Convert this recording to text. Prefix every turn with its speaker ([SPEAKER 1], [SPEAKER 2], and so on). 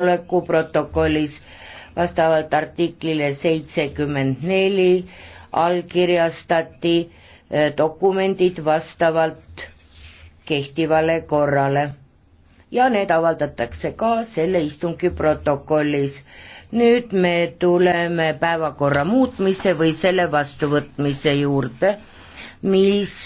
[SPEAKER 1] oleku protokollis vastavalt artiklile seitsekümmend neli allkirjastati eh, dokumendid vastavalt kehtivale korrale ja need avaldatakse ka selle istungi protokollis. nüüd me tuleme päevakorra muutmise või selle vastuvõtmise juurde, mis